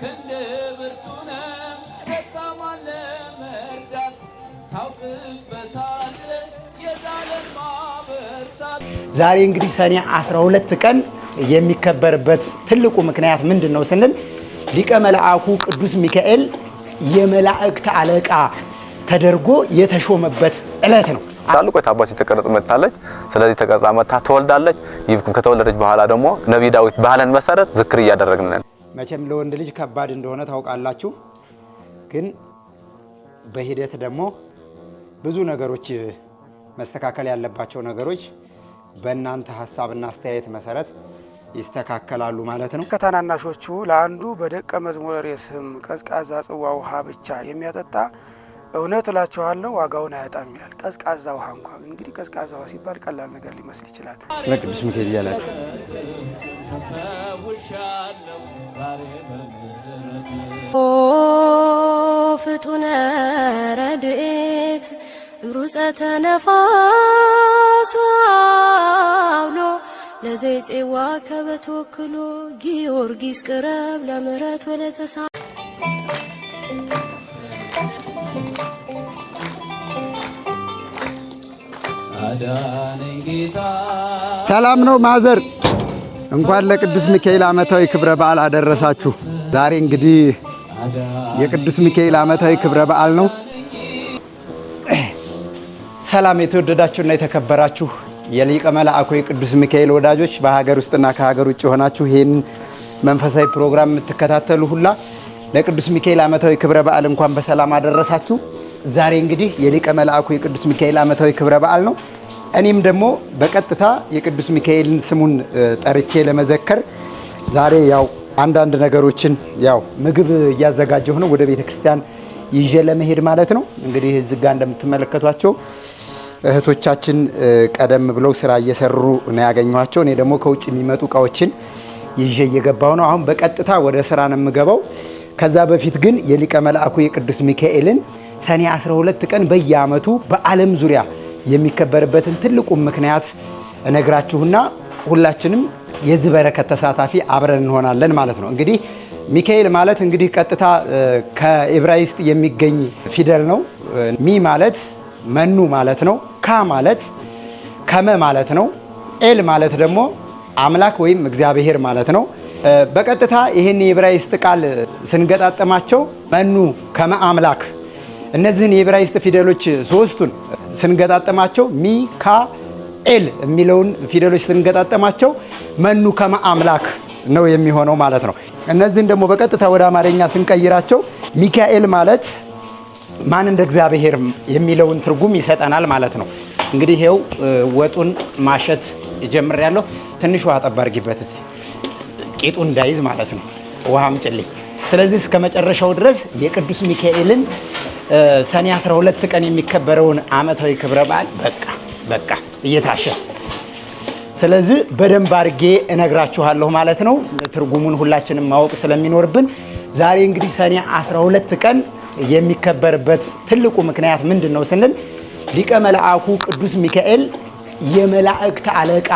ክንድ ብርቱ ለመርዳት የዛለን ማበርታት። ዛሬ እንግዲህ ሰኔ 12 ቀን የሚከበርበት ትልቁ ምክንያት ምንድን ነው ስንል ሊቀ መልአኩ ቅዱስ ሚካኤል የመላእክት አለቃ ተደርጎ የተሾመበት ዕለት ነው። ታሉ ቆይታ የተቀረጽ መታለች። ስለዚህ ተቀርጻ መታ ትወልዳለች። ከተወለደች በኋላ ደግሞ ነቢይ ዳዊት ባህለን መሰረት ዝክር እያደረግን ነን። መቼም ለወንድ ልጅ ከባድ እንደሆነ ታውቃላችሁ። ግን በሂደት ደግሞ ብዙ ነገሮች መስተካከል ያለባቸው ነገሮች በእናንተ ሀሳብና አስተያየት መሰረት ይስተካከላሉ ማለት ነው። ከታናናሾቹ ለአንዱ በደቀ መዝሙረ ስም ቀዝቃዛ ጽዋ ውሃ ብቻ የሚያጠጣ እውነት እላችኋለሁ ዋጋውን አያጣም ይላል። ቀዝቃዛ ውሃ እንኳ እንግዲህ ቀዝቃዛ ውሃ ሲባል ቀላል ነገር ሊመስል ይችላል። ስለ ቅዱስ ሚካኤል እያላችሁ ኦ ፍጡነ ረድኤት ሩፀተ ነፋስ አውሎ ለዘይፄዋ ከበትወክሎ ጊዮርጊስ ቅረብ ለምህረት ወለተሳ ሰላም ነው ማዘር እንኳን ለቅዱስ ሚካኤል ዓመታዊ ክብረ በዓል አደረሳችሁ። ዛሬ እንግዲህ የቅዱስ ሚካኤል ዓመታዊ ክብረ በዓል ነው። ሰላም የተወደዳችሁና የተከበራችሁ የሊቀ መልአኩ ቅዱስ ሚካኤል ወዳጆች በሀገር ውስጥና ከሀገር ውጭ የሆናችሁ ይህን መንፈሳዊ ፕሮግራም የምትከታተሉ ሁላ ለቅዱስ ሚካኤል ዓመታዊ ክብረ በዓል እንኳን በሰላም አደረሳችሁ። ዛሬ እንግዲህ የሊቀ መልአኩ የቅዱስ ሚካኤል ዓመታዊ ክብረ በዓል ነው። እኔም ደግሞ በቀጥታ የቅዱስ ሚካኤልን ስሙን ጠርቼ ለመዘከር ዛሬ ያው አንዳንድ ነገሮችን ያው ምግብ እያዘጋጀሁ ነው ወደ ቤተ ክርስቲያን ይዤ ለመሄድ ማለት ነው። እንግዲህ እዚህ ጋር እንደምትመለከቷቸው እህቶቻችን ቀደም ብለው ስራ እየሰሩ ነው ያገኘኋቸው። እኔ ደግሞ ከውጭ የሚመጡ እቃዎችን ይዤ እየገባሁ ነው። አሁን በቀጥታ ወደ ስራ ነው የምገባው። ከዛ በፊት ግን የሊቀ መልአኩ የቅዱስ ሚካኤልን ሰኔ 12 ቀን በየአመቱ በዓለም ዙሪያ የሚከበርበትን ትልቁ ምክንያት እነግራችሁና ሁላችንም የዚህ በረከት ተሳታፊ አብረን እንሆናለን ማለት ነው። እንግዲህ ሚካኤል ማለት እንግዲህ ቀጥታ ከኢብራይስጥ የሚገኝ ፊደል ነው። ሚ ማለት መኑ ማለት ነው። ካ ማለት ከመ ማለት ነው። ኤል ማለት ደግሞ አምላክ ወይም እግዚአብሔር ማለት ነው። በቀጥታ ይህን የዕብራይስጥ ቃል ስንገጣጠማቸው መኑ ከመ አምላክ እነዚህን የዕብራይስጥ ፊደሎች ሶስቱን ስንገጣጠማቸው ሚካኤል የሚለውን ፊደሎች ስንገጣጠማቸው መኑ ከመ አምላክ ነው የሚሆነው ማለት ነው። እነዚህን ደግሞ በቀጥታ ወደ አማርኛ ስንቀይራቸው ሚካኤል ማለት ማን እንደ እግዚአብሔር የሚለውን ትርጉም ይሰጠናል ማለት ነው። እንግዲህ ይኸው ወጡን ማሸት ጀምሬያለሁ። ትንሽ ውሃ ጠብ አድርጊበት እስኪ ቂጡ እንዳይዝ ማለት ነው። ውሃም ጭልኝ። ስለዚህ እስከ መጨረሻው ድረስ የቅዱስ ሚካኤልን ሰኔ 12 ቀን የሚከበረውን አመታዊ ክብረ በዓል በቃ በቃ እየታሸ ስለዚህ በደንብ አድርጌ እነግራችኋለሁ ማለት ነው። ትርጉሙን ሁላችንም ማወቅ ስለሚኖርብን ዛሬ እንግዲህ ሰኔ 12 ቀን የሚከበርበት ትልቁ ምክንያት ምንድን ነው ስንል ሊቀ መልአኩ ቅዱስ ሚካኤል የመላእክት አለቃ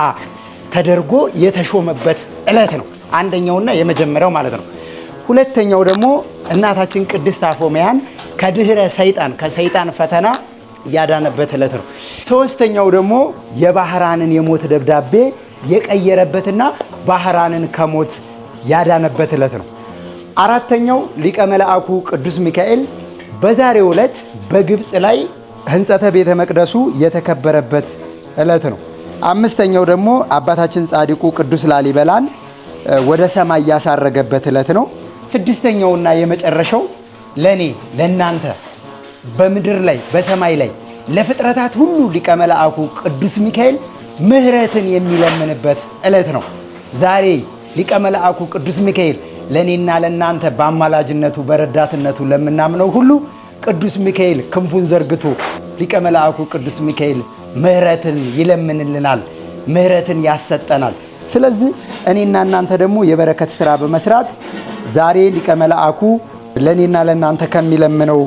ተደርጎ የተሾመበት ዕለት ነው። አንደኛውና የመጀመሪያው ማለት ነው። ሁለተኛው ደግሞ እናታችን ቅድስት አፎሚያን ከድህረ ሰይጣን ከሰይጣን ፈተና ያዳነበት ዕለት ነው። ሶስተኛው ደግሞ የባህራንን የሞት ደብዳቤ የቀየረበትና ባህራንን ከሞት ያዳነበት ዕለት ነው። አራተኛው ሊቀ መልአኩ ቅዱስ ሚካኤል በዛሬው ዕለት በግብፅ ላይ ህንፀተ ቤተ መቅደሱ የተከበረበት ዕለት ነው። አምስተኛው ደግሞ አባታችን ጻድቁ ቅዱስ ላሊበላን ወደ ሰማይ ያሳረገበት ዕለት ነው። ስድስተኛውና የመጨረሻው ለእኔ ለእናንተ በምድር ላይ በሰማይ ላይ ለፍጥረታት ሁሉ ሊቀ ቅዱስ ሚካኤል ምሕረትን የሚለምንበት ዕለት ነው። ዛሬ ሊቀ ቅዱስ ሚካኤል ለእኔና ለእናንተ በአማላጅነቱ በረዳትነቱ ለምናምነው ሁሉ ቅዱስ ሚካኤል ክንፉን ዘርግቶ ሊቀ ቅዱስ ሚካኤል ምሕረትን ይለምንልናል፣ ምሕረትን ያሰጠናል። ስለዚህ እኔና እናንተ ደግሞ የበረከት ስራ በመስራት ዛሬ ሊቀ መላእኩ ለእኔና ለእናንተ ከሚለምነው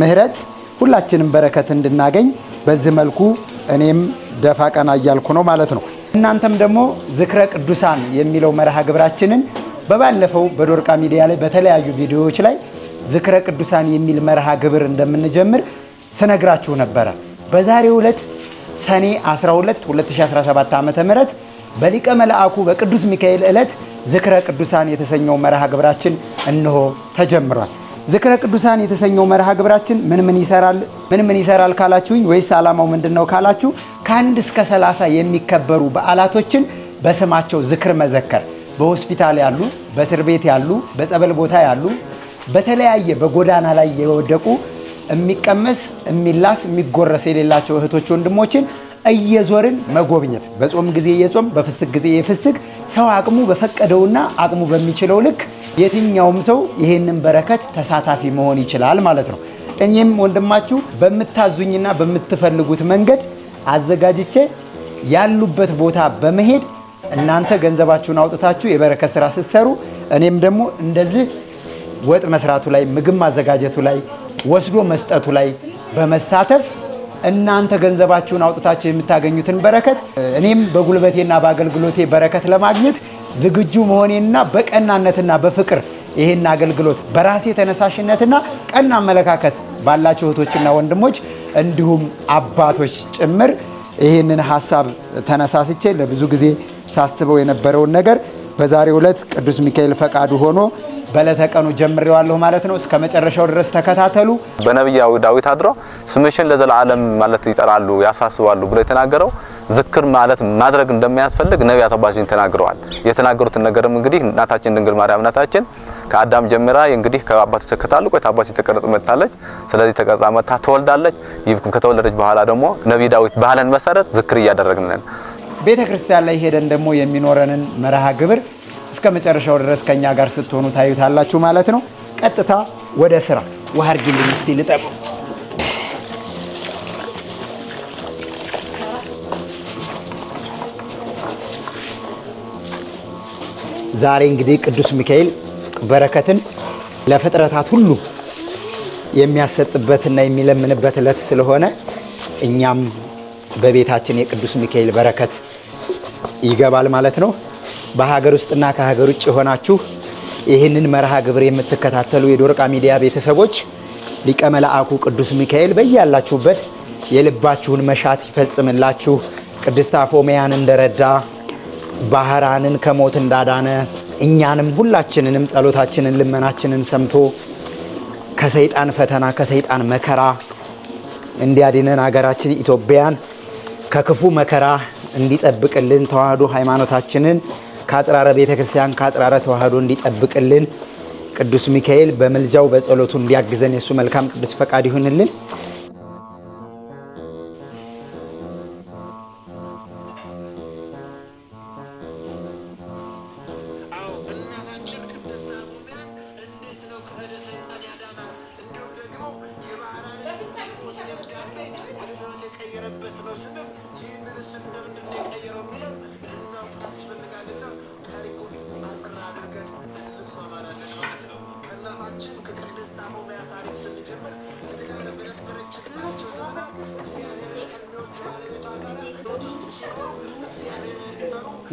ምህረት ሁላችንም በረከት እንድናገኝ በዚህ መልኩ እኔም ደፋ ቀና እያልኩ ነው ማለት ነው። እናንተም ደግሞ ዝክረ ቅዱሳን የሚለው መርሃ ግብራችንን በባለፈው በዶርቃ ሚዲያ ላይ በተለያዩ ቪዲዮዎች ላይ ዝክረ ቅዱሳን የሚል መርሃ ግብር እንደምንጀምር ስነግራችሁ ነበረ። በዛሬ ዕለት ሰኔ 12 2017 ዓ ም በሊቀ መልአኩ በቅዱስ ሚካኤል ዕለት ዝክረ ቅዱሳን የተሰኘው መርሃ ግብራችን እንሆ ተጀምሯል። ዝክረ ቅዱሳን የተሰኘው መርሃ ግብራችን ምን ምን ይሰራል ምን ምን ይሰራል ካላችሁኝ፣ ወይስ ዓላማው ምንድን ነው ካላችሁ፣ ከአንድ እስከ ሰላሳ የሚከበሩ በዓላቶችን በስማቸው ዝክር መዘከር በሆስፒታል ያሉ፣ በእስር ቤት ያሉ፣ በጸበል ቦታ ያሉ፣ በተለያየ በጎዳና ላይ የወደቁ የሚቀመስ የሚላስ የሚጎረስ የሌላቸው እህቶች ወንድሞችን እየዞርን መጎብኘት በጾም ጊዜ የጾም በፍስግ ጊዜ የፍስግ ሰው አቅሙ በፈቀደውና አቅሙ በሚችለው ልክ የትኛውም ሰው ይሄንን በረከት ተሳታፊ መሆን ይችላል ማለት ነው። እኔም ወንድማችሁ በምታዙኝና በምትፈልጉት መንገድ አዘጋጅቼ ያሉበት ቦታ በመሄድ እናንተ ገንዘባችሁን አውጥታችሁ የበረከት ስራ ስትሰሩ እኔም ደግሞ እንደዚህ ወጥ መስራቱ ላይ ምግብ ማዘጋጀቱ ላይ ወስዶ መስጠቱ ላይ በመሳተፍ እናንተ ገንዘባችሁን አውጥታችሁ የምታገኙትን በረከት እኔም በጉልበቴና በአገልግሎቴ በረከት ለማግኘት ዝግጁ መሆኔና በቀናነትና በፍቅር ይህን አገልግሎት በራሴ ተነሳሽነትና ቀና አመለካከት ባላቸው እህቶችና ወንድሞች እንዲሁም አባቶች ጭምር ይህንን ሀሳብ ተነሳስቼ ለብዙ ጊዜ ሳስበው የነበረውን ነገር በዛሬው ዕለት ቅዱስ ሚካኤል ፈቃዱ ሆኖ በለተቀኑ ጀምሬዋለሁ ማለት ነው። እስከ መጨረሻው ድረስ ተከታተሉ። በነቢያዊ ዳዊት አድሮ ስምሽን ለዘላለም ማለት ይጠራሉ ያሳስባሉ ብሎ የተናገረው ዝክር ማለት ማድረግ እንደሚያስፈልግ ነቢያት አባቶቻችን ተናግረዋል። የተናገሩትን ነገርም እንግዲህ እናታችን ድንግል ማርያም እናታችን ከአዳም ጀምራ እንግዲህ ከአባቶች ተከታሉ ቆይታ አባቶች ተቀረጽ መጥታለች። ስለዚህ ተቀርጻ መጥታ ትወልዳለች። ይብቅም ከተወለደች በኋላ ደግሞ ነቢይ ዳዊት ባህልን መሰረት ዝክር እያደረግን ነን። ቤተ ክርስቲያን ላይ ሄደን ደግሞ የሚኖረንን መርሃ ግብር እስከ መጨረሻው ድረስ ከኛ ጋር ስትሆኑ ታዩታላችሁ ማለት ነው። ቀጥታ ወደ ስራ ውሃ አድርጊልኝ እስቲ ልጠቁ። ዛሬ እንግዲህ ቅዱስ ሚካኤል በረከትን ለፍጥረታት ሁሉ የሚያሰጥበትና የሚለምንበት ዕለት ስለሆነ እኛም በቤታችን የቅዱስ ሚካኤል በረከት ይገባል ማለት ነው። በሀገር ውስጥና ከሀገር ውጭ የሆናችሁ ይህንን መርሃ ግብር የምትከታተሉ የዶርቃ ሚዲያ ቤተሰቦች ሊቀ ቅዱስ ሚካኤል በያላችሁበት የልባችሁን መሻት ይፈጽምላችሁ። ቅድስት አፎሚያን እንደረዳ ባህራንን ከሞት እንዳዳነ እኛንም ሁላችንንም ጸሎታችንን ልመናችንን ሰምቶ ከሰይጣን ፈተና ከሰይጣን መከራ እንዲያድነን አገራችን ኢትዮጵያን ከክፉ መከራ እንዲጠብቅልን ተዋህዶ ሃይማኖታችንን ከአጽራረ ቤተ ክርስቲያን ከአጽራረ ተዋህዶ እንዲጠብቅልን ቅዱስ ሚካኤል በምልጃው በጸሎቱ እንዲያግዘን የእሱ መልካም ቅዱስ ፈቃድ ይሁንልን።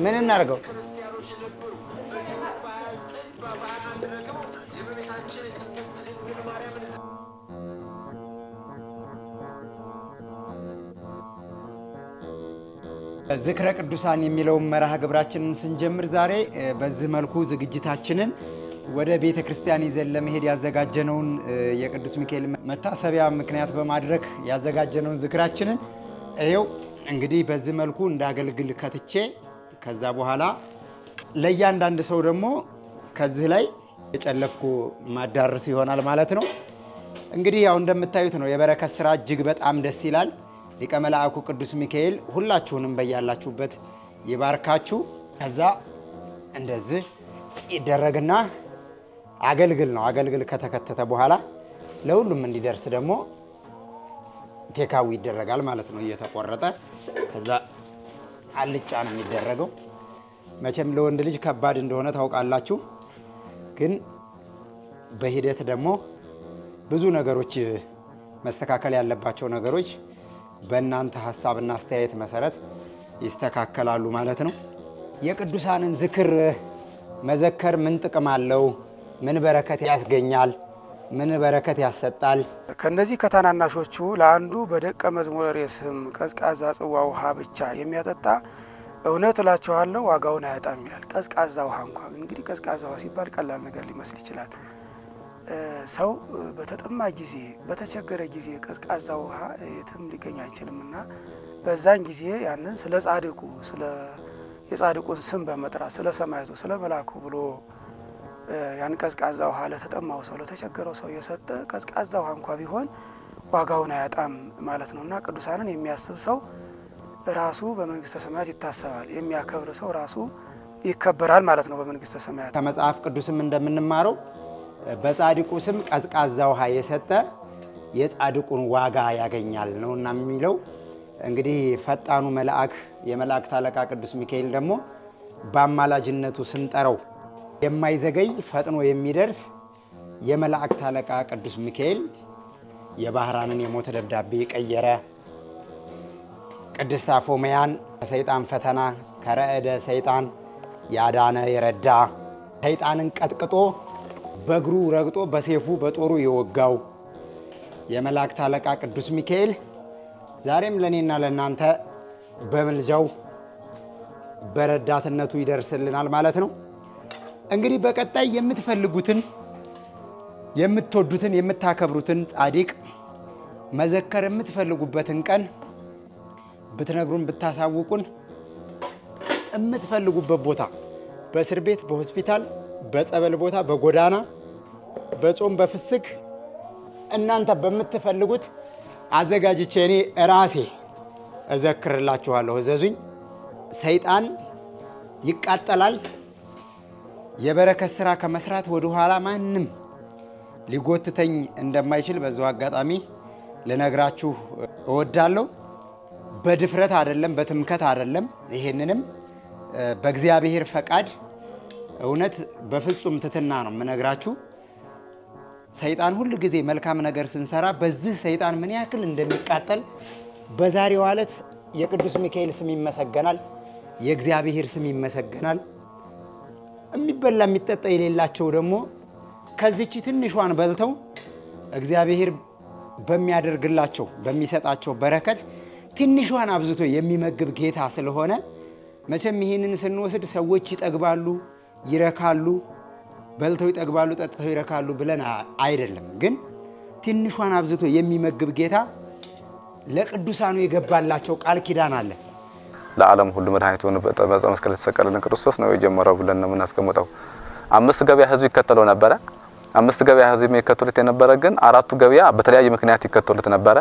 ምን እናድርገው? ዝክረ ቅዱሳን የሚለውን መርሃ ግብራችንን ስንጀምር ዛሬ በዚህ መልኩ ዝግጅታችንን ወደ ቤተ ክርስቲያን ይዘን ለመሄድ ያዘጋጀነውን የቅዱስ ሚካኤል መታሰቢያ ምክንያት በማድረግ ያዘጋጀነውን ዝክራችንን ይኸው እንግዲህ በዚህ መልኩ እንዳገልግል ከትቼ ከዛ በኋላ ለእያንዳንድ ሰው ደግሞ ከዚህ ላይ የጨለፍኩ ማዳረስ ይሆናል ማለት ነው። እንግዲህ ያው እንደምታዩት ነው የበረከት ስራ እጅግ በጣም ደስ ይላል። ሊቀ መላእኩ ቅዱስ ሚካኤል ሁላችሁንም በያላችሁበት ይባርካችሁ። ከዛ እንደዚህ ይደረግና አገልግል ነው። አገልግል ከተከተተ በኋላ ለሁሉም እንዲደርስ ደግሞ ቴካዊ ይደረጋል ማለት ነው፣ እየተቆረጠ ከዛ አልጫ ነው የሚደረገው። መቼም ለወንድ ልጅ ከባድ እንደሆነ ታውቃላችሁ። ግን በሂደት ደግሞ ብዙ ነገሮች መስተካከል ያለባቸው ነገሮች በእናንተ ሀሳብና አስተያየት መሰረት ይስተካከላሉ ማለት ነው። የቅዱሳንን ዝክር መዘከር ምን ጥቅም አለው? ምን በረከት ያስገኛል? ምን በረከት ያሰጣል። ከእነዚህ ከታናናሾቹ ለአንዱ በደቀ መዝሙር ስም ቀዝቃዛ ጽዋ ውሃ ብቻ የሚያጠጣ እውነት እላችኋለሁ ዋጋውን አያጣም ይላል። ቀዝቃዛ ውሃ እንኳ እንግዲህ ቀዝቃዛ ውሃ ሲባል ቀላል ነገር ሊመስል ይችላል። ሰው በተጠማ ጊዜ፣ በተቸገረ ጊዜ ቀዝቃዛ ውሃ የትም ሊገኝ አይችልም እና በዛን ጊዜ ያንን ስለ ጻድቁ ስለ የጻድቁን ስም በመጥራት ስለ ሰማይቱ ስለ መላኩ ብሎ ያን ቀዝቃዛ ውሃ ለተጠማው ሰው ለተቸገረው ሰው እየሰጠ ቀዝቃዛ ውሃ እንኳ ቢሆን ዋጋውን አያጣም ማለት ነው እና ቅዱሳንን የሚያስብ ሰው ራሱ በመንግስተ ሰማያት ይታሰባል። የሚያከብር ሰው ራሱ ይከበራል ማለት ነው በመንግስተ ሰማያት። ከመጽሐፍ ቅዱስም እንደምንማረው በጻድቁ ስም ቀዝቃዛ ውሃ የሰጠ የጻድቁን ዋጋ ያገኛል ነው እና የሚለው እንግዲህ ፈጣኑ መልአክ የመላእክት አለቃ ቅዱስ ሚካኤል ደግሞ በአማላጅነቱ ስንጠረው የማይዘገይ ፈጥኖ የሚደርስ የመላእክት አለቃ ቅዱስ ሚካኤል የባህራንን የሞት ደብዳቤ ቀየረ። ቅድስት አፎመያን ከሰይጣን ፈተና ከረዕደ ሰይጣን ያዳነ የረዳ ሰይጣንን ቀጥቅጦ በእግሩ ረግጦ በሴፉ በጦሩ የወጋው የመላእክት አለቃ ቅዱስ ሚካኤል ዛሬም ለእኔና ለእናንተ በምልጃው በረዳትነቱ ይደርስልናል ማለት ነው። እንግዲህ በቀጣይ የምትፈልጉትን የምትወዱትን የምታከብሩትን ጻድቅ መዘከር የምትፈልጉበትን ቀን ብትነግሩን ብታሳውቁን የምትፈልጉበት ቦታ በእስር ቤት፣ በሆስፒታል፣ በጸበል ቦታ፣ በጎዳና፣ በጾም፣ በፍስክ እናንተ በምትፈልጉት አዘጋጅቼ እኔ ራሴ እዘክርላችኋለሁ። እዘዙኝ። ሰይጣን ይቃጠላል። የበረከት ስራ ከመስራት ወደኋላ ማንም ሊጎትተኝ እንደማይችል በዚሁ አጋጣሚ ልነግራችሁ እወዳለሁ። በድፍረት አይደለም፣ በትምከት አይደለም። ይሄንንም በእግዚአብሔር ፈቃድ እውነት በፍጹም ትትና ነው የምነግራችሁ። ሰይጣን ሁል ጊዜ መልካም ነገር ስንሰራ በዚህ ሰይጣን ምን ያክል እንደሚቃጠል በዛሬው ዕለት የቅዱስ ሚካኤል ስም ይመሰገናል፣ የእግዚአብሔር ስም ይመሰገናል። የሚበላ የሚጠጣ የሌላቸው ደግሞ ከዚች ትንሿን በልተው እግዚአብሔር በሚያደርግላቸው በሚሰጣቸው በረከት ትንሿን አብዝቶ የሚመግብ ጌታ ስለሆነ መቼም ይህንን ስንወስድ ሰዎች ይጠግባሉ፣ ይረካሉ፣ በልተው ይጠግባሉ፣ ጠጥተው ይረካሉ ብለን አይደለም። ግን ትንሿን አብዝቶ የሚመግብ ጌታ ለቅዱሳኑ የገባላቸው ቃል ኪዳን አለ። ለዓለም ሁሉ መድኃኒት ሆኖ በዕፀ መስቀል የተሰቀለልን ክርስቶስ ነው የጀመረው ብለን ነው የምናስቀምጠው። አምስት ገበያ ህዝብ ይከተለው ነበረ። አምስት ገበያ ህዝብ የሚከተሉት የነበረ ግን አራቱ ገበያ በተለያየ ምክንያት ይከተሉት ነበረ።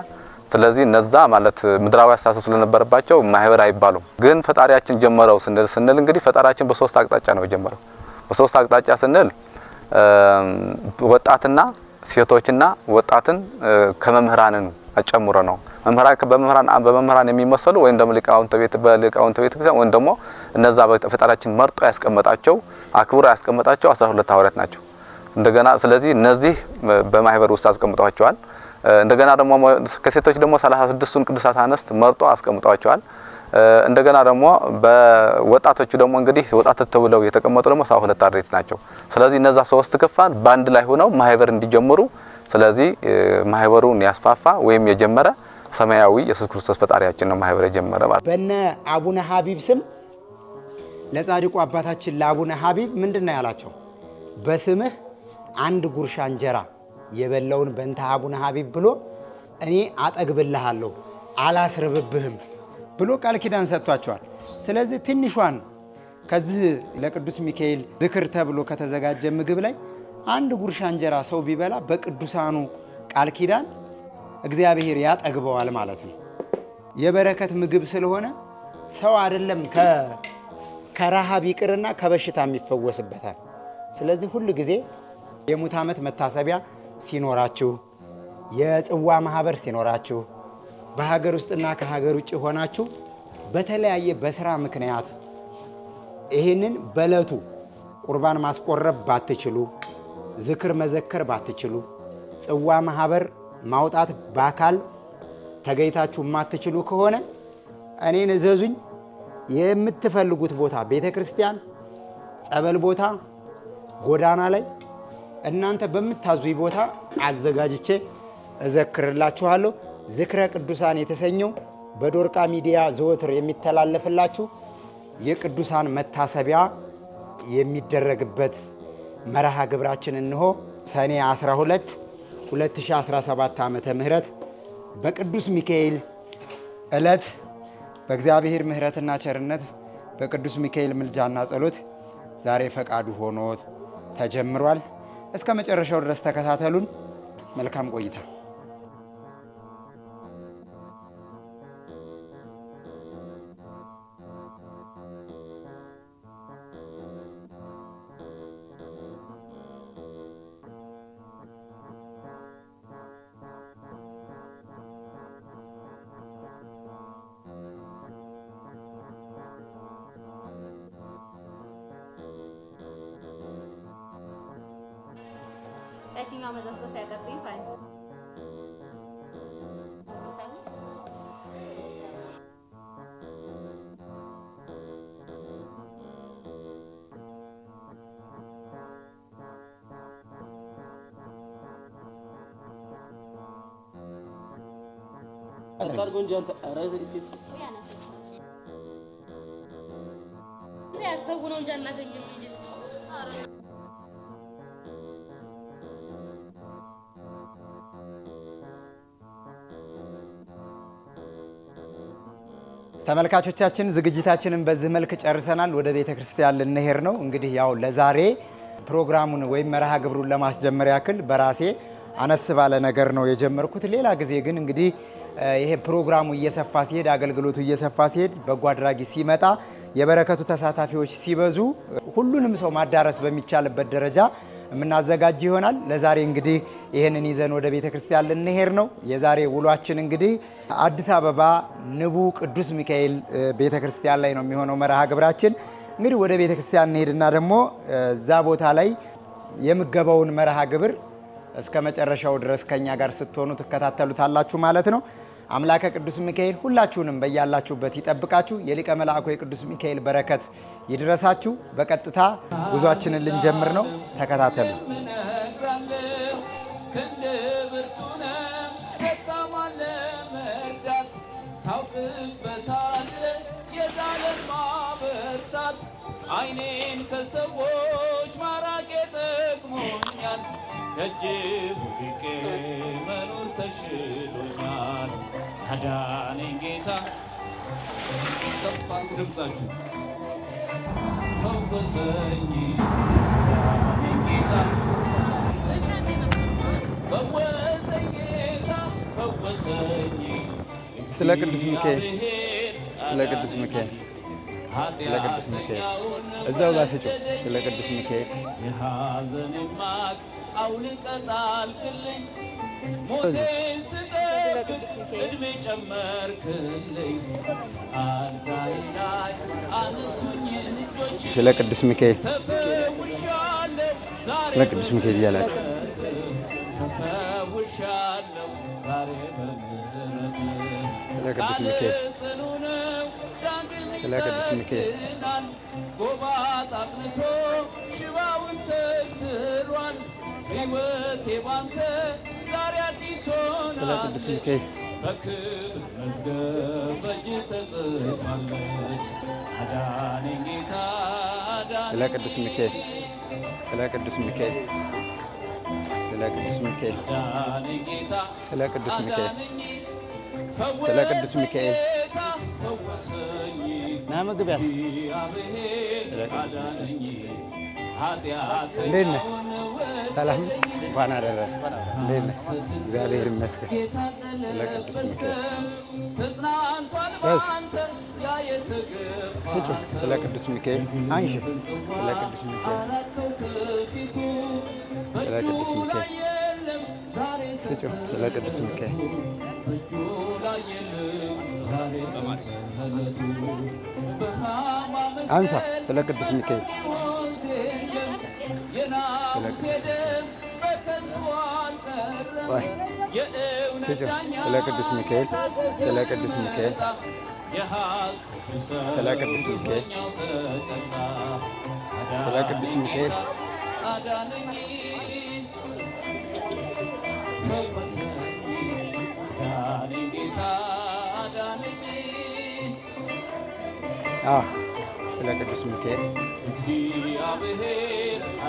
ስለዚህ እነዛ ማለት ምድራዊ አስተሳሰብ ስለነበረባቸው ማህበር አይባሉም። ግን ፈጣሪያችን ጀመረው ስንል ስንል እንግዲህ ፈጣሪያችን በሶስት አቅጣጫ ነው የጀመረው። በሶስት አቅጣጫ ስንል ወጣትና ሴቶችና ወጣትን ከመምህራንን አጨምሮ ነው። መምህራን በመምህራን በመምህራን የሚመሰሉ ወይም ደግሞ ሊቃውንተ ቤት በሊቃውንተ ቤተ ክርስቲያን ወይም ደግሞ እነዛ ፈጣሪያችን መርጦ ያስቀመጣቸው አክብሮ ያስቀመጣቸው 12 ሁለት ሐዋርያት ናቸው። እንደገና ስለዚህ እነዚህ በማህበር ውስጥ አስቀምጧቸዋል። እንደገና ደግሞ ከሴቶች ደግሞ 36 ስድስቱን ቅዱሳት አነስት መርጦ አስቀምጧቸዋል። እንደገና ደግሞ በወጣቶቹ ደግሞ እንግዲህ ወጣቶች ተብለው የተቀመጡ ደግሞ ሰባ ሁለት አርድእት ናቸው። ስለዚህ እነዛ ሶስት ክፋን በአንድ ላይ ሆነው ማህበር እንዲጀምሩ ስለዚህ ማህበሩን ያስፋፋ ወይም የጀመረ ሰማያዊ ኢየሱስ ክርስቶስ ፈጣሪያችን ነው። ማህበር የጀመረ ማለት በነ አቡነ ሀቢብ ስም ለጻድቁ አባታችን ለአቡነ ሀቢብ ምንድን ነው ያላቸው? በስምህ አንድ ጉርሻ እንጀራ የበላውን በንተ አቡነ ሀቢብ ብሎ እኔ አጠግብልሃለሁ አላስርብብህም ብሎ ቃል ኪዳን ሰጥቷቸዋል። ስለዚህ ትንሿን ከዚህ ለቅዱስ ሚካኤል ዝክር ተብሎ ከተዘጋጀ ምግብ ላይ አንድ ጉርሻ እንጀራ ሰው ቢበላ በቅዱሳኑ ቃል ኪዳን እግዚአብሔር ያጠግበዋል ማለት ነው። የበረከት ምግብ ስለሆነ ሰው አይደለም ከረሃብ ይቅርና ከበሽታ የሚፈወስበታል። ስለዚህ ሁል ጊዜ የሙት ዓመት መታሰቢያ ሲኖራችሁ፣ የጽዋ ማህበር ሲኖራችሁ፣ በሀገር ውስጥና ከሀገር ውጭ ሆናችሁ በተለያየ በስራ ምክንያት ይህንን በለቱ ቁርባን ማስቆረብ ባትችሉ ዝክር መዘከር ባትችሉ፣ ጽዋ ማህበር ማውጣት በአካል ተገኝታችሁ የማትችሉ ከሆነ እኔን እዘዙኝ። የምትፈልጉት ቦታ ቤተ ክርስቲያን፣ ጸበል ቦታ፣ ጎዳና ላይ እናንተ በምታዙኝ ቦታ አዘጋጅቼ እዘክርላችኋለሁ። ዝክረ ቅዱሳን የተሰኘው በዶርቃ ሚዲያ ዘወትር የሚተላለፍላችሁ የቅዱሳን መታሰቢያ የሚደረግበት መርሃ ግብራችን እንሆ ሰኔ 12 2017 ዓመተ ምህረት በቅዱስ ሚካኤል ዕለት በእግዚአብሔር ምህረትና ቸርነት በቅዱስ ሚካኤል ምልጃና ጸሎት ዛሬ ፈቃዱ ሆኖ ተጀምሯል። እስከ መጨረሻው ድረስ ተከታተሉን። መልካም ቆይታ ተመልካቾቻችን ዝግጅታችንን በዚህ መልክ ጨርሰናል። ወደ ቤተ ክርስቲያን ልንሄድ ነው። እንግዲህ ያው ለዛሬ ፕሮግራሙን ወይም መርሃ ግብሩን ለማስጀመር ያክል በራሴ አነስ ባለ ነገር ነው የጀመርኩት። ሌላ ጊዜ ግን እንግዲህ ይሄ ፕሮግራሙ እየሰፋ ሲሄድ፣ አገልግሎቱ እየሰፋ ሲሄድ፣ በጎ አድራጊ ሲመጣ፣ የበረከቱ ተሳታፊዎች ሲበዙ፣ ሁሉንም ሰው ማዳረስ በሚቻልበት ደረጃ የምናዘጋጅ ይሆናል። ለዛሬ እንግዲህ ይህንን ይዘን ወደ ቤተ ክርስቲያን ልንሄድ ነው። የዛሬ ውሏችን እንግዲህ አዲስ አበባ ንቡ ቅዱስ ሚካኤል ቤተ ክርስቲያን ላይ ነው የሚሆነው መርሃ ግብራችን። እንግዲህ ወደ ቤተ ክርስቲያን እንሄድና ደግሞ እዛ ቦታ ላይ የምገባውን መርሃ ግብር እስከ መጨረሻው ድረስ ከኛ ጋር ስትሆኑ ትከታተሉታላችሁ ማለት ነው። አምላከ ቅዱስ ሚካኤል ሁላችሁንም በያላችሁበት ይጠብቃችሁ። የሊቀ መልአኩ የቅዱስ ሚካኤል በረከት ይድረሳችሁ። በቀጥታ ጉዟችንን ልንጀምር ነው። ተከታተሉ። አይኔን ከሰዎች ከጅቡ ሊቅ መኖር ተሽሎኛል፣ አዳነኝ ጌታ። ጠፋሉ ድምፃችሁ ተወሰኝ አዳነኝ ጌታ ስለ ቅዱስ ሚካኤል ስለ ቅዱስ ሚካኤል ስለ ቅዱስ ሚካኤል እዛው ጋር ስጮህ ስለ ቅዱስ ሚካኤል ስለ ቅዱስ ሚካኤል ስለ ቅዱስ ሚካኤል እያላችሁ ስለ ቅዱስ ሚካኤል ለቅዱስ ሚካኤል ጎባ አቅንቶ ሽባውን ተይትሯል። ሕይወቴ ባንተ ዛሬ አዲስ ሆናለች። በክብር መዝገብ ተጽፋለች። አዳነኝ ጌታ ስለ ቅዱስ ሚካኤል ስለ ቅዱስ ሚካኤል ስለ ቅዱስ ሚካኤል ስለ ቅዱስ ሚካኤል ስለ ቅዱስ ሚካኤል ምግብ ያ እንዴት ነህ? ሰላም እንኳን አደረሰ። እንዴት ነህ? እግዚአብሔር ይመስገን። ስለ ቅዱስ ሚካኤል አንሺ። ስለ ቅዱስ ሚካኤል ስጩ። ስለ ቅዱስ ሚካኤል አንሳ ስለ ቅዱስ ሚካኤል ስለ ቅዱስ ሚካኤል ስለ ቅዱስ ሚካኤል ስለ ቅዱስ ሚካኤል ስለ ቅዱስ ሚካኤል አዳነኝ ስለ ቅዱስ ሚካኤል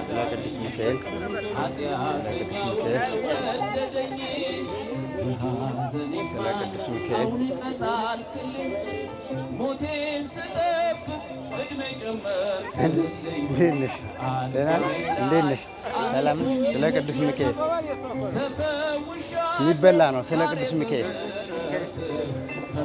ስለ ቅዱስ ሚካኤል ስለ ቅዱስ ሚካኤል እንዴት ነሽ? ሰላም። ስለ ቅዱስ ሚካኤል የሚበላ ነው። ስለ ቅዱስ ሚካኤል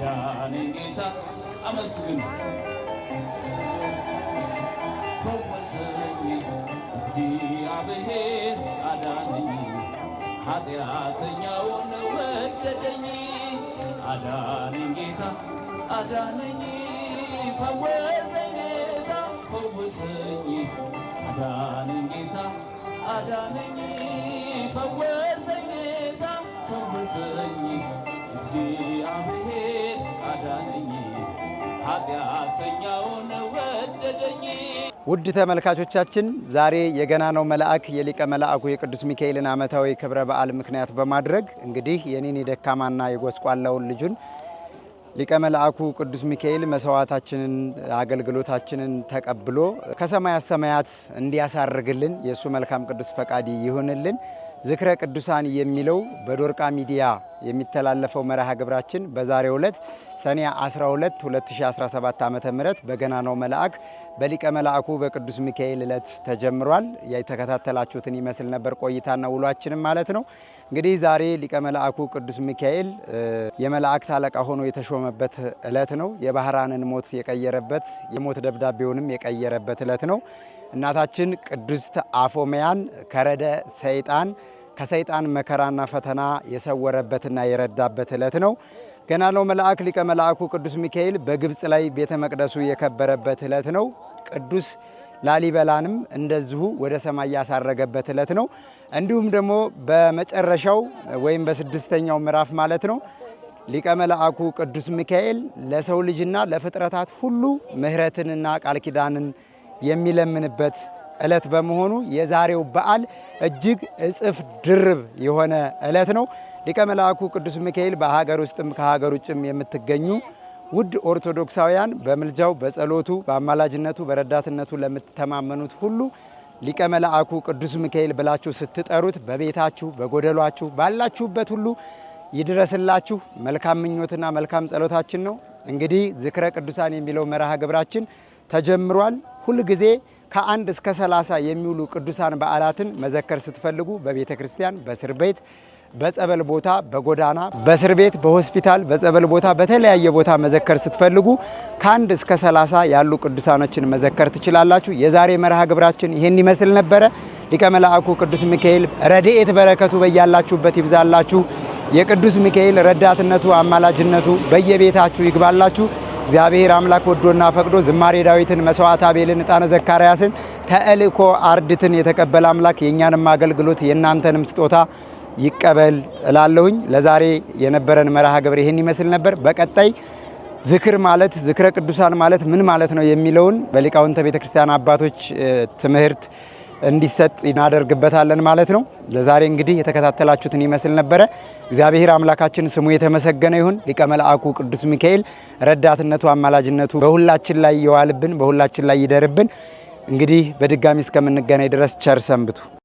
ያዳነ ጌታ አመስግኑ። ፈወሰኝ እግዚአብሔር አዳነኝ፣ ኃጢአተኛውን ወደደኝ። አዳነኝ ጌታ አዳነኝ፣ ፈወሰኝ ጌታ ፈወሰኝ፣ አዳነኝ ጌታ አዳነኝ፣ ፈወሰኝ ጌታ ፈወሰኝ እግዚአብሔር አዳነኝ፣ ኃጢአተኛውን ወደደኝ። ውድ ተመልካቾቻችን ዛሬ ነው መልአክ የሊቀ መልአኩ የቅዱስ ሚካኤልን ዓመታዊ ክብረ በዓል ምክንያት በማድረግ እንግዲህ የኔን የደካማና የጎስቋላውን ልጁን ሊቀ መልአኩ ቅዱስ ሚካኤል መስዋዕታችንን አገልግሎታችንን ተቀብሎ ከሰማያት ሰማያት እንዲያሳርግልን የእሱ መልካም ቅዱስ ፈቃድ ይሁንልን። ዝክረ ቅዱሳን የሚለው በዶርቃ ሚዲያ የሚተላለፈው መርሃ ግብራችን በዛሬው ዕለት ሰኔ 12 2017 ዓ ም በገናናው መልአክ በሊቀ መልአኩ በቅዱስ ሚካኤል ዕለት ተጀምሯል። የተከታተላችሁትን ይመስል ነበር ቆይታና ውሏችንም ማለት ነው። እንግዲህ ዛሬ ሊቀ መልአኩ ቅዱስ ሚካኤል የመላእክት አለቃ ሆኖ የተሾመበት ዕለት ነው። የባህራንን ሞት የቀየረበት የሞት ደብዳቤውንም የቀየረበት ዕለት ነው። እናታችን ቅድስት አፎሚያን ከረደ ሰይጣን ከሰይጣን መከራና ፈተና የሰወረበትና የረዳበት ዕለት ነው። ነው መልአክ ሊቀ መልአኩ ቅዱስ ሚካኤል በግብፅ ላይ ቤተ መቅደሱ የከበረበት ዕለት ነው። ቅዱስ ላሊበላንም እንደዚሁ ወደ ሰማይ ያሳረገበት ዕለት ነው። እንዲሁም ደግሞ በመጨረሻው ወይም በስድስተኛው ምዕራፍ ማለት ነው ሊቀ መልአኩ ቅዱስ ሚካኤል ለሰው ልጅና ለፍጥረታት ሁሉ ምሕረትንና ቃል ኪዳንን የሚለምንበት ዕለት በመሆኑ የዛሬው በዓል እጅግ እጽፍ ድርብ የሆነ ዕለት ነው። ሊቀ መልአኩ ቅዱስ ሚካኤል በሀገር ውስጥም ከሀገር ውጭም የምትገኙ ውድ ኦርቶዶክሳውያን በምልጃው በጸሎቱ በአማላጅነቱ በረዳትነቱ ለምትተማመኑት ሁሉ ሊቀ መልአኩ ቅዱስ ሚካኤል ብላችሁ ስትጠሩት በቤታችሁ በጎደሏችሁ ባላችሁበት ሁሉ ይድረስላችሁ። መልካም ምኞትና መልካም ጸሎታችን ነው። እንግዲህ ዝክረ ቅዱሳን የሚለው መርሃ ግብራችን ተጀምሯል። ሁል ጊዜ ከአንድ እስከ ሰላሳ የሚውሉ ቅዱሳን በዓላትን መዘከር ስትፈልጉ በቤተ ክርስቲያን፣ በእስር ቤት፣ በጸበል ቦታ፣ በጎዳና፣ በእስር ቤት፣ በሆስፒታል፣ በጸበል ቦታ፣ በተለያየ ቦታ መዘከር ስትፈልጉ ከአንድ እስከ ሰላሳ ያሉ ቅዱሳኖችን መዘከር ትችላላችሁ። የዛሬ መርሃ ግብራችን ይህን ይመስል ነበረ። ሊቀ መላእኩ ቅዱስ ሚካኤል ረድኤት በረከቱ በያላችሁበት ይብዛላችሁ። የቅዱስ ሚካኤል ረዳትነቱ አማላጅነቱ በየቤታችሁ ይግባላችሁ። እግዚአብሔር አምላክ ወዶና ፈቅዶ ዝማሬ ዳዊትን፣ መስዋዕት አቤልን፣ ዕጣነ ዘካርያስን፣ ተልእኮ አርድትን የተቀበለ አምላክ የእኛንም አገልግሎት የእናንተንም ስጦታ ይቀበል እላለሁኝ። ለዛሬ የነበረን መርሃ ግብር ይህን ይመስል ነበር። በቀጣይ ዝክር ማለት ዝክረ ቅዱሳን ማለት ምን ማለት ነው የሚለውን በሊቃውንተ ቤተክርስቲያን አባቶች ትምህርት እንዲሰጥ እናደርግበታለን ማለት ነው። ለዛሬ እንግዲህ የተከታተላችሁትን ይመስል ነበረ። እግዚአብሔር አምላካችን ስሙ የተመሰገነ ይሁን። ሊቀ መልአኩ ቅዱስ ሚካኤል ረዳትነቱ፣ አማላጅነቱ በሁላችን ላይ የዋልብን፣ በሁላችን ላይ ይደርብን። እንግዲህ በድጋሚ እስከምንገናኝ ድረስ ቸር ሰንብቱ።